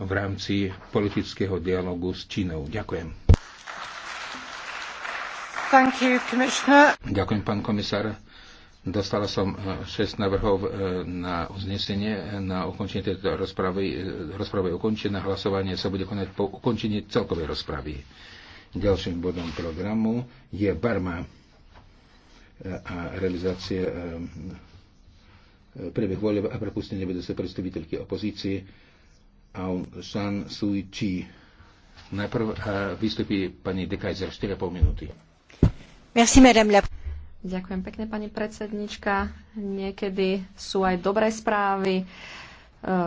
v rámci politického dialogu s Čínou. Ďakujem. Thank you, Ďakujem, pán komisár. Dostala som 6 e, navrhov e, na uznesenie na ukončenie tejto rozpravy. E, Rozprava je ukončená, hlasovanie sa bude konať po ukončení celkovej rozpravy. Ďalším bodom programu je Barma a realizácia priebeh voľov a prepustenie vedúcej predstaviteľky opozície. Aung San Suu Kyi. Najprv eh, vystupí pani Dekajzer 4,5 minúty. Merci, madame la... Ďakujem pekne, pani predsednička. Niekedy sú aj dobré správy eh,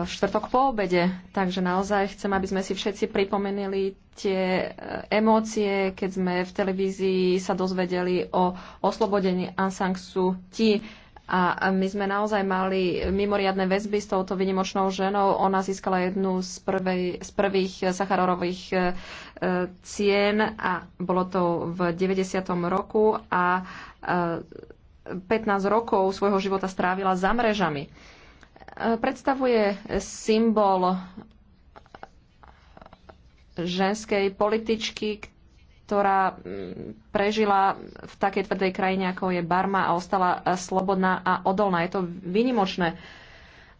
štvrtok po obede. Takže naozaj chcem, aby sme si všetci pripomenuli tie eh, emócie, keď sme v televízii sa dozvedeli o oslobodení Ansang Suu Kyi a my sme naozaj mali mimoriadne väzby s touto vynimočnou ženou. Ona získala jednu z, prvej, z prvých sacharorových e, cien a bolo to v 90. roku a 15 e, rokov svojho života strávila za mrežami. E, predstavuje symbol ženskej političky, ktorá mm, prežila v takej tvrdej krajine, ako je Barma a ostala e, slobodná a odolná. Je to vynimočné.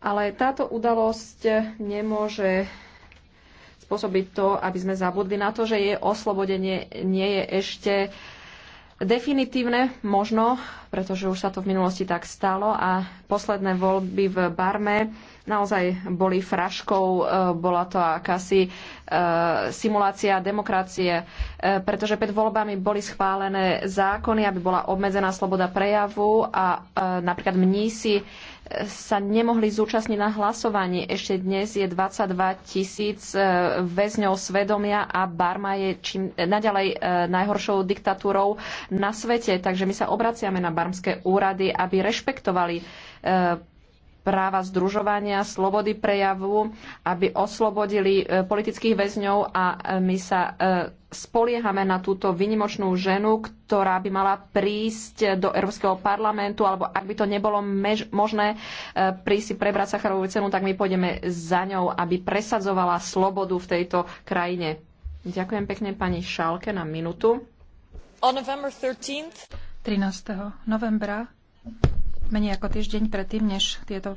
Ale táto udalosť e, nemôže spôsobiť to, aby sme zabudli na to, že jej oslobodenie nie je ešte definitívne možno, pretože už sa to v minulosti tak stalo a posledné voľby v Barme naozaj boli fraškou, e, bola to akási e, simulácia demokracie, e, pretože pred voľbami boli schválené zákony, aby bola obmedzená sloboda prejavu a napríklad mnísi si sa nemohli zúčastniť na hlasovaní. Ešte dnes je 22 tisíc e, väzňov svedomia a Barma je čím, e, naďalej e, najhoršou diktatúrou na svete. Takže my sa obraciame na barmské úrady, aby rešpektovali práva združovania, slobody prejavu, aby oslobodili e, politických väzňov a e, my sa e, spoliehame na túto vynimočnú ženu, ktorá by mala prísť do Európskeho parlamentu, alebo ak by to nebolo možné prísť si prebrať Sacharovú cenu, tak my pôjdeme za ňou, aby presadzovala slobodu v tejto krajine. Ďakujem pekne pani Šálke na minútu. 13. novembra Menej ako týždeň predtým, než tieto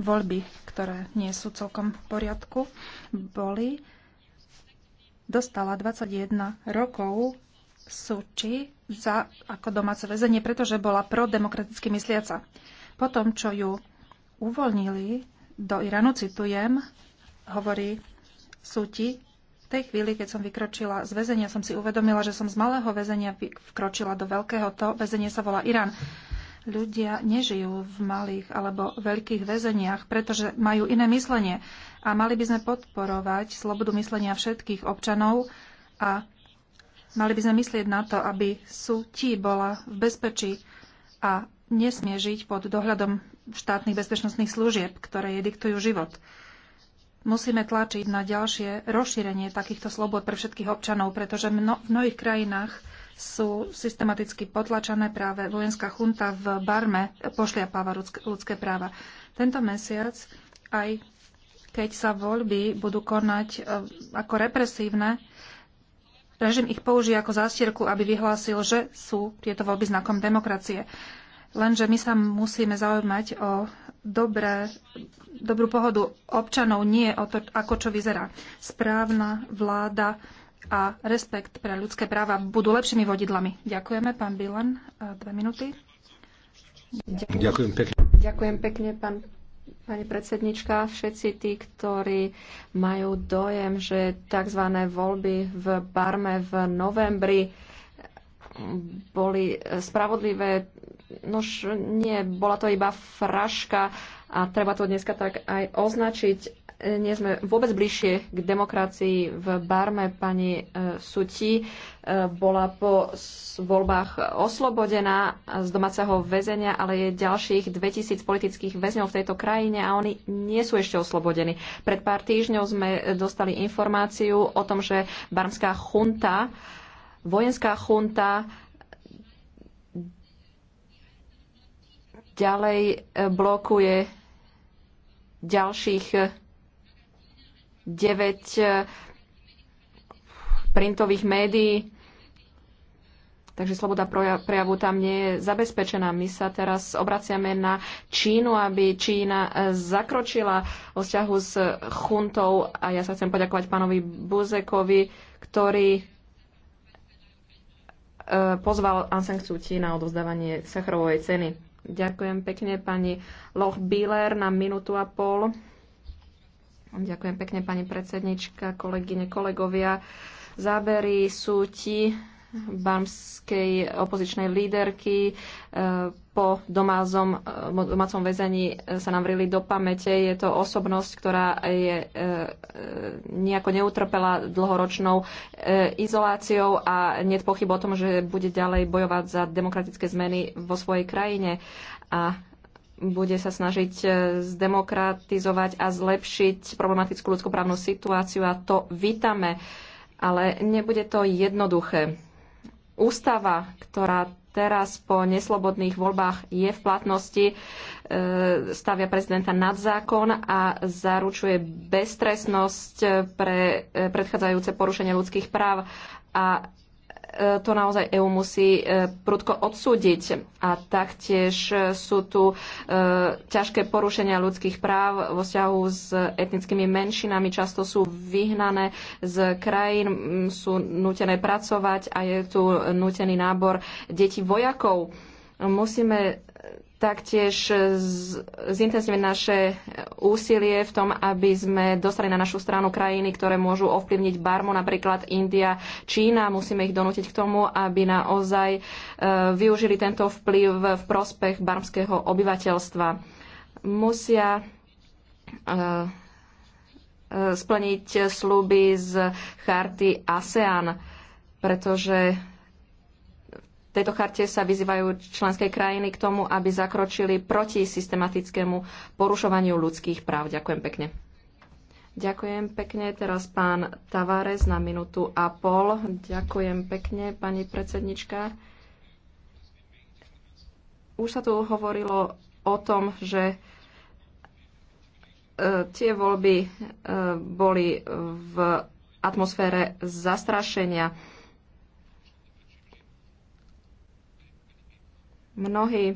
voľby, ktoré nie sú celkom v poriadku, boli, dostala 21 rokov Suči za, ako domáce väzenie, pretože bola prodemokraticky mysliaca. Po tom, čo ju uvoľnili do Iránu, citujem, hovorí súti, v tej chvíli, keď som vykročila z väzenia, som si uvedomila, že som z malého väzenia vykročila do veľkého. To väzenie sa volá Irán ľudia nežijú v malých alebo veľkých väzeniach, pretože majú iné myslenie. A mali by sme podporovať slobodu myslenia všetkých občanov a mali by sme myslieť na to, aby sú ti bola v bezpečí a nesmie žiť pod dohľadom štátnych bezpečnostných služieb, ktoré jej diktujú život. Musíme tlačiť na ďalšie rozšírenie takýchto slobod pre všetkých občanov, pretože mno, v mnohých krajinách sú systematicky potlačané práve vojenská chunta v Barme pošliapáva ľudské práva. Tento mesiac, aj keď sa voľby budú konať e, ako represívne, režim ich použije ako zástierku, aby vyhlásil, že sú tieto voľby znakom demokracie. Lenže my sa musíme zaujímať o dobré, dobrú pohodu občanov, nie o to, ako čo vyzerá. Správna vláda a respekt pre ľudské práva budú lepšími vodidlami. Ďakujeme, pán Bilan. Dve minúty. Ďakujem, Ďakujem pekne. Ďakujem pekne, pán Pani predsednička, všetci tí, ktorí majú dojem, že tzv. voľby v Barme v novembri boli spravodlivé, nož nie, bola to iba fraška a treba to dneska tak aj označiť nie sme vôbec bližšie k demokracii v Barme. Pani e, Suti e, bola po voľbách oslobodená z domáceho väzenia, ale je ďalších 2000 politických väzňov v tejto krajine a oni nie sú ešte oslobodení. Pred pár týždňov sme dostali informáciu o tom, že barmská chunta, vojenská chunta ďalej e, blokuje ďalších 9 printových médií. Takže sloboda prejavu tam nie je zabezpečená. My sa teraz obraciame na Čínu, aby Čína e, zakročila o vzťahu s chuntou. A ja sa chcem poďakovať pánovi Buzekovi, ktorý e, pozval Ansang Suu na odovzdávanie Sacharovej ceny. Ďakujem pekne pani Loch Biller na minútu a pol. Ďakujem pekne, pani predsednička, kolegyne, kolegovia. Zábery sú ti barmskej opozičnej líderky e, po domázom, e, domácom väzení e, sa nám vrili do pamäte. Je to osobnosť, ktorá je nejako neutrpela dlhoročnou izoláciou a net pochyb o tom, že bude ďalej bojovať za demokratické zmeny vo svojej krajine. A bude sa snažiť e, zdemokratizovať a zlepšiť problematickú ľudskoprávnu situáciu a to vítame. Ale nebude to jednoduché. Ústava, ktorá teraz po neslobodných voľbách je v platnosti, e, stavia prezidenta nad zákon a zaručuje beztresnosť e, pre predchádzajúce porušenie ľudských práv a E, to naozaj EU musí e, prudko odsúdiť. A taktiež e, sú tu ťažké porušenia ľudských práv vo vzťahu s etnickými menšinami. Často sú vyhnané z krajín, sú nutené pracovať a je tu nutený nábor detí vojakov. Musíme Taktiež zintenzívne naše úsilie v tom, aby sme dostali na našu stranu krajiny, ktoré môžu ovplyvniť Barmu, napríklad India, Čína. Musíme ich donútiť k tomu, aby naozaj e, využili tento vplyv v prospech barmského obyvateľstva. Musia e, e, splniť sluby z charty ASEAN, pretože tejto charte sa vyzývajú členské krajiny k tomu, aby zakročili proti systematickému porušovaniu ľudských práv. Ďakujem pekne. Ďakujem pekne. Teraz pán Tavares na minútu a pol. Ďakujem pekne, pani predsednička. Už sa tu hovorilo o tom, že e, tie voľby e, boli v atmosfére zastrašenia Mnohí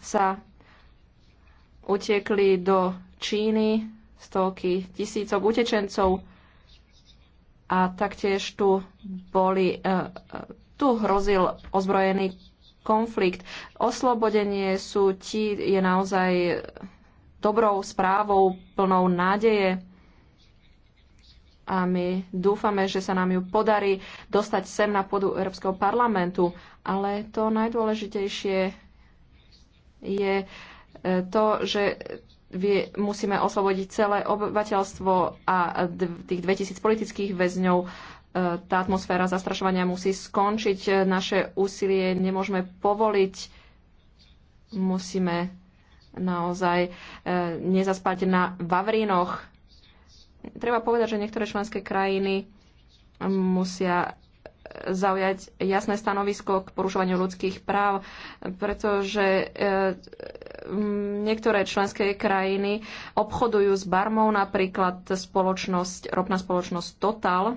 sa utekli do Číny, stovky tisícok utečencov a taktiež tu boli, e, e, tu hrozil ozbrojený konflikt. Oslobodenie sú ti je naozaj dobrou správou, plnou nádeje a my dúfame, že sa nám ju podarí dostať sem na pôdu Európskeho parlamentu. Ale to najdôležitejšie je e, to, že musíme oslobodiť celé obyvateľstvo a tých 2000 politických väzňov. E, tá atmosféra zastrašovania musí skončiť. E, naše úsilie nemôžeme povoliť. Musíme naozaj nezaspať na Vavrínoch treba povedať, že niektoré členské krajiny musia zaujať jasné stanovisko k porušovaniu ľudských práv, pretože e, niektoré členské krajiny obchodujú s barmou, napríklad spoločnosť, ropná spoločnosť Total, e,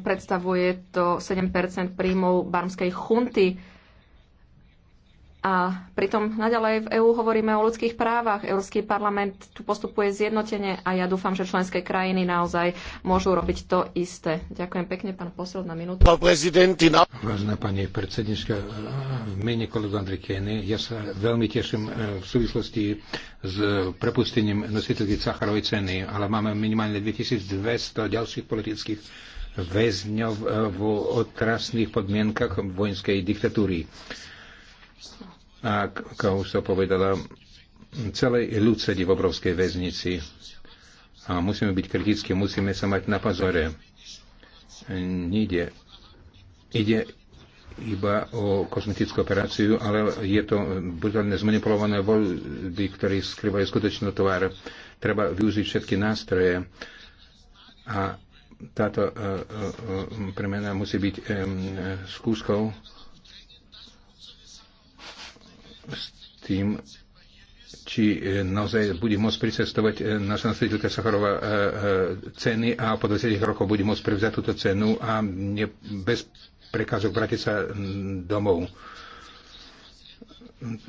predstavuje to 7 príjmov barmskej chunty a pritom naďalej v EÚ hovoríme o ľudských právach. Európsky parlament tu postupuje zjednotene a ja dúfam, že členské krajiny naozaj môžu robiť to isté. Ďakujem pekne, pán posel, na minútu. Vážená pani predsednička, v mene kolegu Kény, ja sa veľmi teším e, v súvislosti s prepustením nositeľky Cacharovej ceny, ale máme minimálne 2200 ďalších politických väzňov e, v otrasných podmienkach vojenskej diktatúry. A, ako už sa povedala, celej sedí v obrovskej väznici. A musíme byť kritickí, musíme sa mať na pozore. Nide. Ide iba o kosmetickú operáciu, ale je to brutálne zmanipulované voľby, ktoré skrývajú skutočnú tvár. Treba využiť všetky nástroje a táto e, e, e, premena musí byť skúškou s tým, či e, naozaj bude môcť pricestovať naša e, naslediteľka Sacharova e, ceny a po 20 rokoch bude môcť prevziať túto cenu a ne, bez prekážok vrátiť sa domov.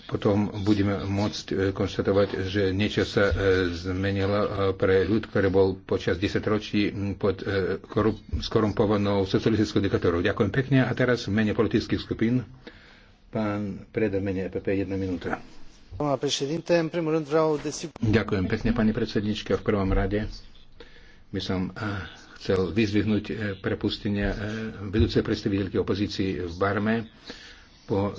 Potom budeme môcť konštatovať, že niečo sa zmenilo pre ľud, ktorý bol počas 10 ročí pod skorumpovanou socialistickou diktatúrou. Ďakujem pekne a teraz v mene politických skupín Pán mene EPP, jedna minúta. Ďakujem pekne, pani predsednička. V prvom rade by som eh, chcel vyzvihnúť eh, prepustenie eh, vedúcej predstaviteľky opozícii v Barme po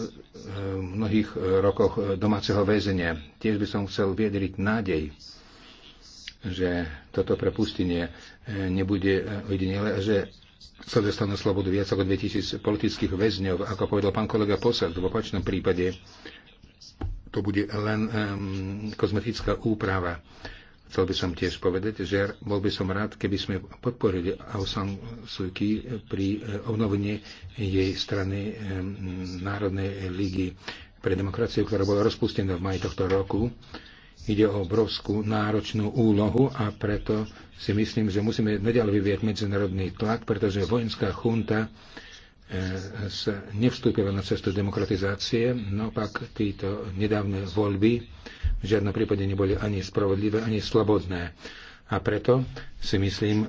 mnohých rokoch domáceho väzenia. Tiež by som chcel viedriť nádej, že toto prepustenie nebude ojedinele a že sa dostane slobodu viac ako 2000 politických väzňov, ako povedal pán kolega Posad. V opačnom prípade to bude len um, kozmetická úprava. Chcel by som tiež povedať, že bol by som rád, keby sme podporili Aung San Suu Kyi pri eh, obnovení jej strany um, Národnej ligy pre demokraciu, ktorá bola rozpustená v maji tohto roku. Um, Ide o obrovskú náročnú úlohu a preto si myslím, že musíme naďalej vyvieť medzinárodný tlak, pretože vojenská chunta e, sa nevstúpila na cestu demokratizácie, naopak títo nedávne voľby v žiadnom prípade neboli ani spravodlivé, ani slobodné. A preto si myslím,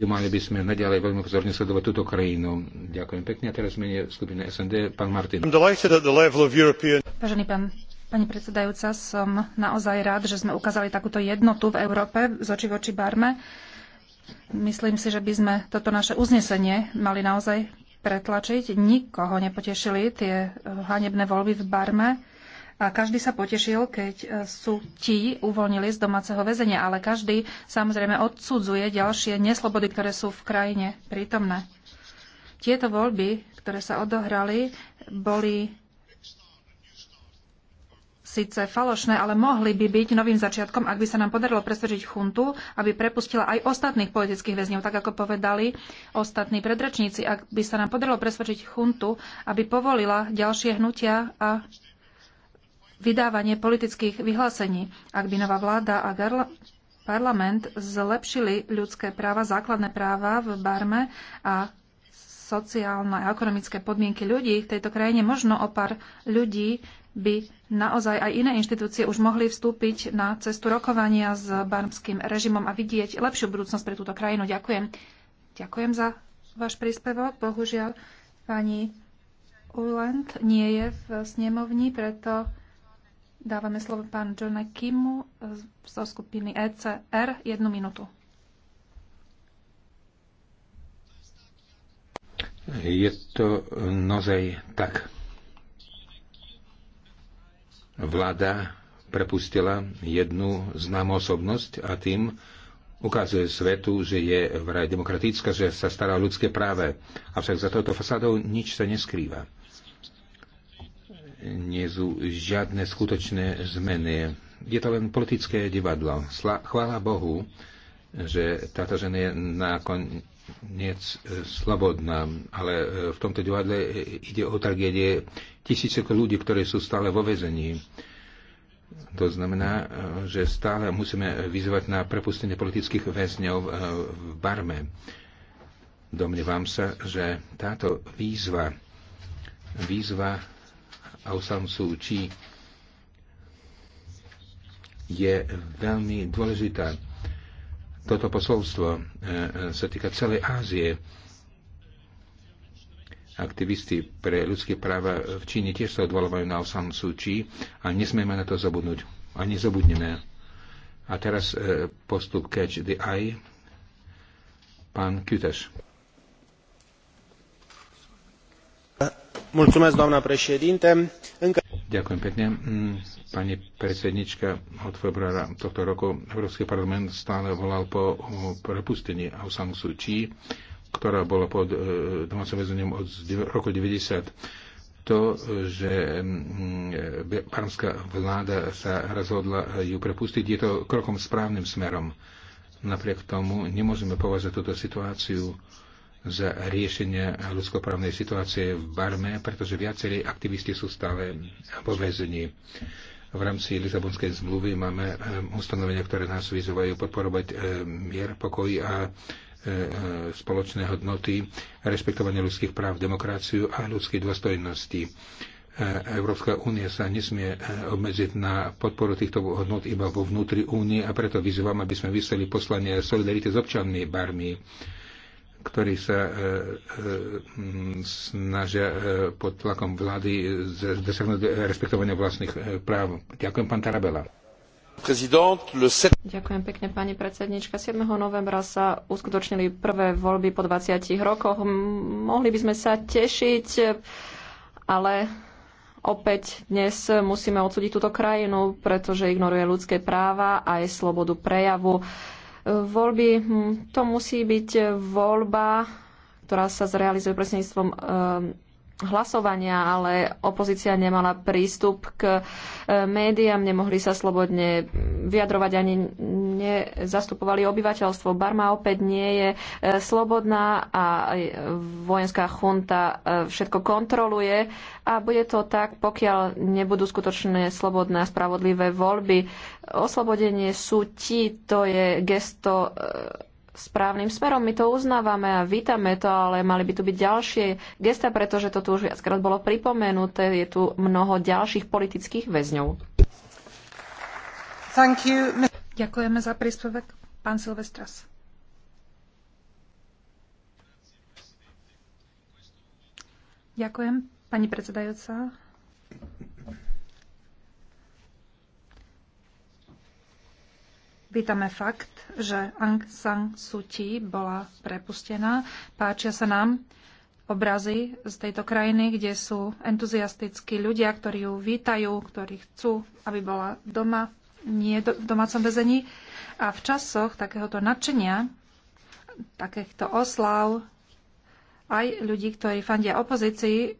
že mali by sme naďalej veľmi pozorne sledovať túto krajinu. Ďakujem pekne. A teraz menej skupiny SND, pán Martin. Vážený pán Pani predsedajúca, som naozaj rád, že sme ukázali takúto jednotu v Európe z oči voči Barme. Myslím si, že by sme toto naše uznesenie mali naozaj pretlačiť. Nikoho nepotešili tie eh, hanebné voľby v Barme. A každý sa potešil, keď eh, sú ti uvoľnili z domáceho väzenia, ale každý samozrejme odsudzuje ďalšie neslobody, ktoré sú v krajine prítomné. Tieto voľby, ktoré sa odohrali, boli síce falošné, ale mohli by byť novým začiatkom, ak by sa nám podarilo presvedčiť chuntu, aby prepustila aj ostatných politických väzňov, tak ako povedali ostatní predračníci. Ak by sa nám podarilo presvedčiť chuntu, aby povolila ďalšie hnutia a vydávanie politických vyhlásení, ak by nová vláda a garla- parlament zlepšili ľudské práva, základné práva v Barme a sociálne a ekonomické podmienky ľudí v tejto krajine, možno o pár ľudí by naozaj aj iné inštitúcie už mohli vstúpiť na cestu rokovania s barmským režimom a vidieť lepšiu budúcnosť pre túto krajinu. Ďakujem. Ďakujem za váš príspevok. Bohužiaľ, pani Uland nie je v snemovni, preto dávame slovo pán Johna Kimu zo skupiny ECR. Jednu minútu. Je to naozaj tak Vláda prepustila jednu známu osobnosť a tým ukazuje svetu, že je vraj demokratická, že sa stará o ľudské práve. Avšak za touto fasádou nič sa neskrýva. Nie sú žiadne skutočné zmeny. Je to len politické divadlo. Chvála Bohu, že táto žena je nakon nec e, slobodná, ale e, v tomto divadle e, ide o tragédie tisíce ľudí, ktorí sú stále vo vezení. To znamená, že stále musíme vyzvať na prepustenie politických väzňov v Barme. Domnievam sa, že táto výzva, výzva Aung San Suu Kyi je veľmi dôležitá toto posolstvo e, e, sa týka celej Ázie. Aktivisti pre ľudské práva v Číne tiež sa odvolávajú na Osan Suu Kyi a nesmieme na to zabudnúť. A nezabudneme. A teraz e, postup Catch the Eye. Pán Kutaš. Ďakujem pekne mm. Pani predsednička, od februára tohto roku Európsky parlament stále volal po prepustení Aung San Suu Kyi, ktorá bola pod e, domácim väzením od roku 90 to, že barmská e, vláda sa rozhodla ju prepustiť, je to krokom správnym smerom. Napriek tomu nemôžeme považovať túto situáciu za riešenie ľudskoprávnej situácie v Barme, pretože viacerí aktivisti sú stále vo väzení. V rámci Lisabonskej zmluvy máme ustanovenia, ktoré nás vyzývajú podporovať mier, pokoj a spoločné hodnoty, rešpektovanie ľudských práv, demokraciu a ľudskej dôstojnosti. E, Európska únia sa nesmie e, obmedziť na podporu týchto hodnot iba vo vnútri únie a preto vyzývam, aby sme vyseli poslanie solidarity s občanmi Barmy ktorí sa e, e, snažia e, pod tlakom vlády dosiahnuť respektovanie vlastných práv. Ďakujem, pán Tarabela. Ďakujem pekne, pani predsednička. 7. novembra sa uskutočnili prvé voľby po 20 rokoch. Mohli by sme sa tešiť, ale opäť dnes musíme odsúdiť túto krajinu, pretože ignoruje ľudské práva a aj slobodu prejavu voľby. Hm, to musí byť voľba, ktorá sa zrealizuje prostredníctvom ehm, hlasovania, ale opozícia nemala prístup k ehm, médiám, nemohli sa slobodne vyjadrovať ani správne zastupovali obyvateľstvo. Barma opäť nie je e, slobodná a e, vojenská chunta e, všetko kontroluje a bude to tak, pokiaľ nebudú skutočné slobodné a spravodlivé voľby. Oslobodenie súti, to je gesto správnym smerom. My to uznávame a vítame to, ale mali by tu byť ďalšie gesta, pretože to tu už viackrát bolo pripomenuté. Je tu mnoho ďalších politických väzňov. Thank you. Ďakujeme za príspevok. Pán Silvestras. Ďakujem, pani predsedajúca. Vítame fakt, že Aung San Suu Kyi bola prepustená. Páčia sa nám obrazy z tejto krajiny, kde sú entuziastickí ľudia, ktorí ju vítajú, ktorí chcú, aby bola doma nie v domácom väzení. A v časoch takéhoto nadšenia, takýchto oslav, aj ľudí, ktorí fandia opozícii,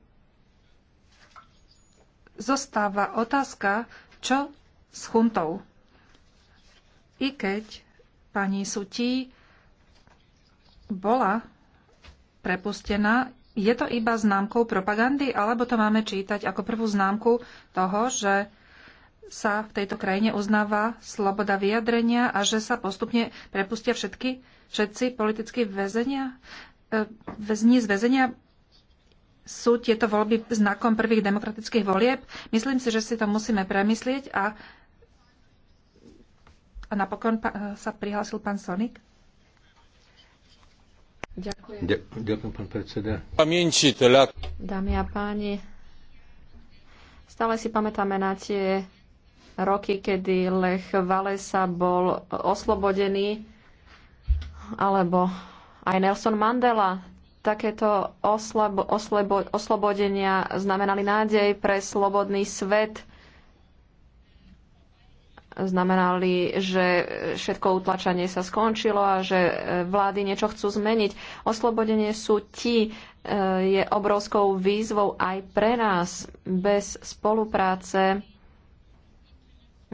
zostáva otázka, čo s chuntou. I keď pani Sutí bola prepustená, je to iba známkou propagandy, alebo to máme čítať ako prvú známku toho, že sa v tejto krajine uznáva sloboda vyjadrenia a že sa postupne prepustia všetky, všetci politickí väzenia, e, väzni z väzenia? Sú tieto voľby znakom prvých demokratických volieb? Myslím si, že si to musíme premyslieť a, a napokon e, sa prihlásil pán Sonik. Ďakujem. Ďakujem, pán predseda. Dámy a páni, stále si pamätáme na tie roky, kedy Lech Valesa bol oslobodený, alebo aj Nelson Mandela. Takéto oslabo, oslebo, oslobodenia znamenali nádej pre slobodný svet. Znamenali, že všetko utlačanie sa skončilo a že e, vlády niečo chcú zmeniť. Oslobodenie sú ti e, je obrovskou výzvou aj pre nás. Bez spolupráce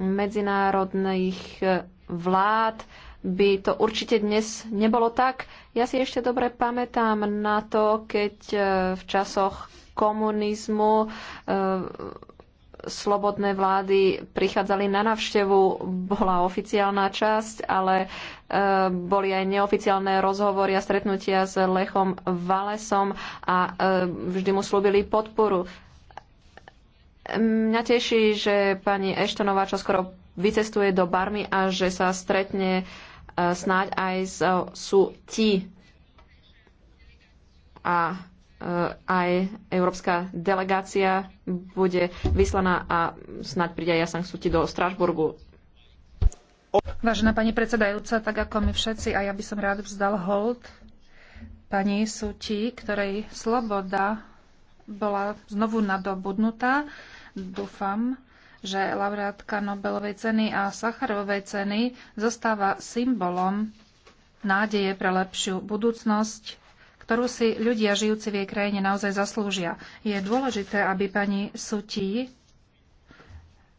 medzinárodných e, vlád by to určite dnes nebolo tak. Ja si ešte dobre pamätám na to, keď e, v časoch komunizmu e, slobodné vlády prichádzali na navštevu. Bola oficiálna časť, ale boli aj neoficiálne rozhovory a stretnutia s Lechom Valesom a vždy mu slúbili podporu. Mňa teší, že pani Eštonová čo skoro vycestuje do Barmy a že sa stretne e, snáď aj s sú ti a e, aj európska delegácia bude vyslaná a snáď príde aj ja sú ti do Strasburgu. Vážená pani predsedajúca, tak ako my všetci, a ja by som rád vzdal hold pani Suti, ktorej sloboda bola znovu nadobudnutá. Dúfam, že laureátka Nobelovej ceny a Sacharovej ceny zostáva symbolom nádeje pre lepšiu budúcnosť, ktorú si ľudia žijúci v jej krajine naozaj zaslúžia. Je dôležité, aby pani Sutí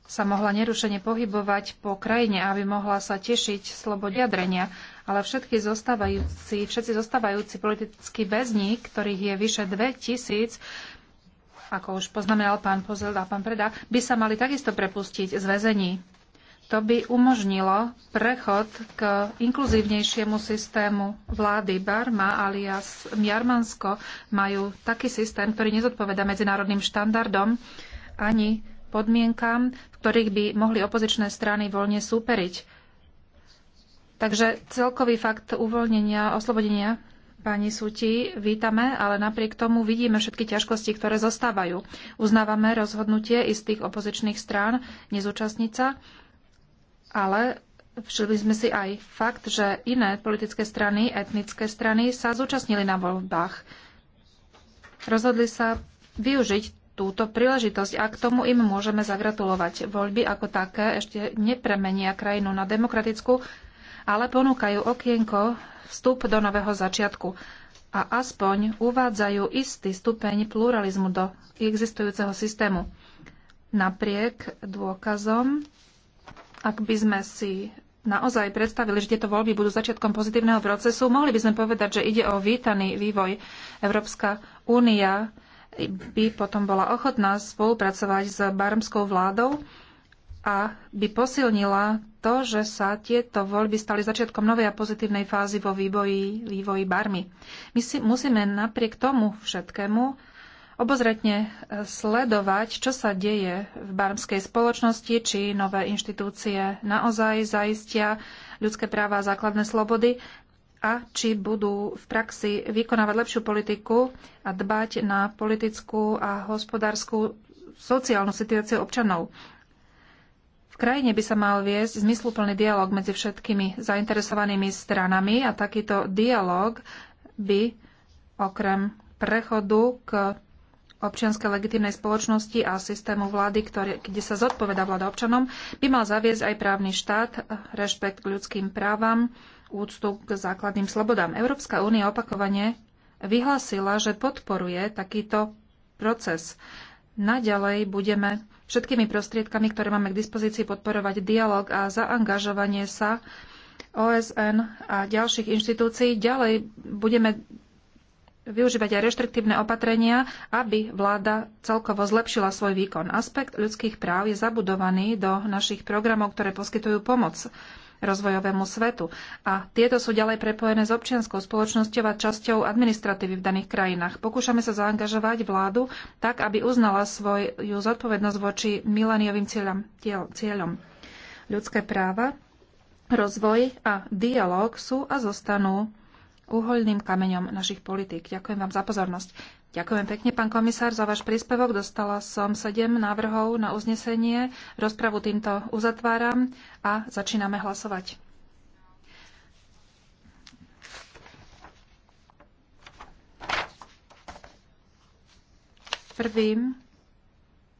sa mohla nerušene pohybovať po krajine, aby mohla sa tešiť slobode jadrenia. Ale všetky zostávajúci, všetci zostávajúci politickí väzni, ktorých je vyše 2000, ako už poznamenal pán Pozeld a pán Preda, by sa mali takisto prepustiť z väzení. To by umožnilo prechod k inkluzívnejšiemu systému vlády. Barma alias Jarmansko majú taký systém, ktorý nezodpoveda medzinárodným štandardom ani podmienkám, v ktorých by mohli opozičné strany voľne súperiť. Takže celkový fakt uvoľnenia, oslobodenia Pani Suti, vítame, ale napriek tomu vidíme všetky ťažkosti, ktoré zostávajú. Uznávame rozhodnutie istých opozičných strán nezúčastniť sa, ale všetli sme si aj fakt, že iné politické strany, etnické strany sa zúčastnili na voľbách. Rozhodli sa využiť túto príležitosť a k tomu im môžeme zagratulovať. Voľby ako také ešte nepremenia krajinu na demokratickú, ale ponúkajú okienko vstup do nového začiatku a aspoň uvádzajú istý stupeň pluralizmu do existujúceho systému. Napriek dôkazom, ak by sme si naozaj predstavili, že tieto voľby budú začiatkom pozitívneho procesu, mohli by sme povedať, že ide o vítaný vývoj. Európska únia by potom bola ochotná spolupracovať s barmskou vládou a by posilnila to, že sa tieto voľby stali začiatkom novej a pozitívnej fázy vo vývoji, vývoji barmy. My si musíme napriek tomu všetkému obozretne e, sledovať, čo sa deje v barmskej spoločnosti, či nové inštitúcie naozaj zaistia ľudské práva a základné slobody a či budú v praxi vykonávať lepšiu politiku a dbať na politickú a hospodárskú sociálnu situáciu občanov. V krajine by sa mal viesť zmysluplný dialog medzi všetkými zainteresovanými stranami a takýto dialog by okrem prechodu k občianskej legitimnej spoločnosti a systému vlády, ktoré, kde sa zodpoveda vláda občanom, by mal zaviesť aj právny štát, rešpekt k ľudským právam, úctu k základným slobodám. Európska únia opakovane vyhlásila, že podporuje takýto proces. Naďalej budeme všetkými prostriedkami, ktoré máme k dispozícii, podporovať dialog a zaangažovanie sa OSN a ďalších inštitúcií. Ďalej budeme využívať aj reštriktívne opatrenia, aby vláda celkovo zlepšila svoj výkon. Aspekt ľudských práv je zabudovaný do našich programov, ktoré poskytujú pomoc rozvojovému svetu. A tieto sú ďalej prepojené s občianskou spoločnosťou a časťou administratívy v daných krajinách. Pokúšame sa zaangažovať vládu tak, aby uznala svoju zodpovednosť voči mileniovým cieľom, cieľom. Ľudské práva, rozvoj a dialog sú a zostanú uhoľným kameňom našich politík. Ďakujem vám za pozornosť. Ďakujem pekne, pán komisár, za váš príspevok. Dostala som sedem návrhov na uznesenie. Rozpravu týmto uzatváram a začíname hlasovať. Prvým